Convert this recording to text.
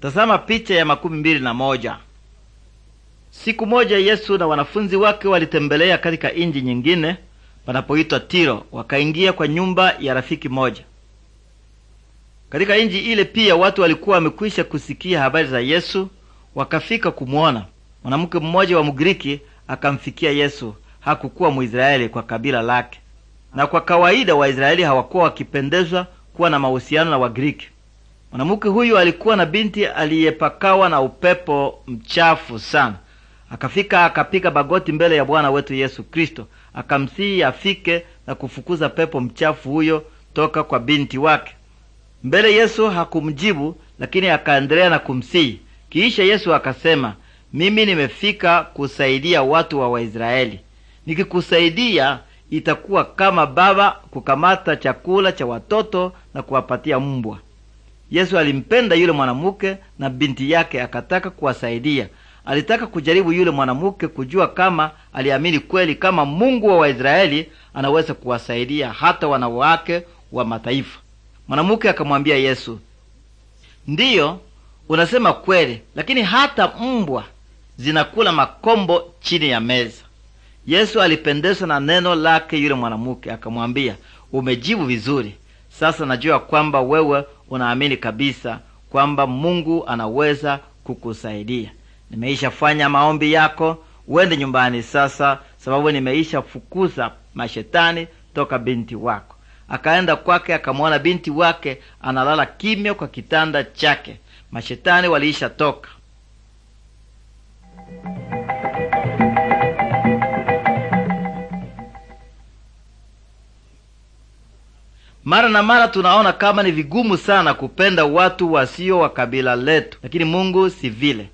Tazama picha ya makumi mbili na moja. Siku moja Yesu na wanafunzi wake walitembelea katika inji nyingine panapoitwa Tiro, wakaingia kwa nyumba ya rafiki moja. Katika inji ile pia watu walikuwa wamekwisha kusikia habari za Yesu, wakafika kumuona. Mwanamke mmoja wa Mgiriki akamfikia Yesu. Hakukuwa Mwisraeli kwa kabila lake, na kwa kawaida Waisraeli hawakuwa wakipendezwa kuwa na mahusiano na Wagiriki. Mwanamke huyu alikuwa na binti aliyepakawa na upepo mchafu sana. Akafika akapiga magoti mbele ya Bwana wetu Yesu Kristo, akamsihi afike na kufukuza pepo mchafu huyo toka kwa binti wake. Mbele Yesu hakumjibu, lakini akaendelea na kumsihi. Kisha Yesu akasema, mimi nimefika kusaidia watu wa Waisraeli. Nikikusaidia itakuwa kama baba kukamata chakula cha watoto na kuwapatia mbwa. Yesu alimpenda yule mwanamuke na binti yake akataka kuwasaidia. Alitaka kujaribu yule mwanamuke kujua kama aliamini kweli kama Mungu wa Waisraeli anaweza kuwasaidia hata wanawake wa mataifa. Mwanamuke akamwambia Yesu, ndiyo unasema kweli, lakini hata mbwa zinakula makombo chini ya meza. Yesu alipendezwa na neno lake yule mwanamuke, akamwambia, umejibu vizuri, sasa najua kwamba wewe unaamini kabisa kwamba Mungu anaweza kukusaidia. Nimeishafanya maombi yako, wende nyumbani sasa, sababu nimeisha fukuza mashetani toka binti wako. Akaenda kwake, akamwona binti wake analala kimya kwa kitanda chake. Mashetani waliisha toka. Mara na mara tunaona kama ni vigumu sana kupenda watu wasio wa kabila letu, lakini Mungu si vile.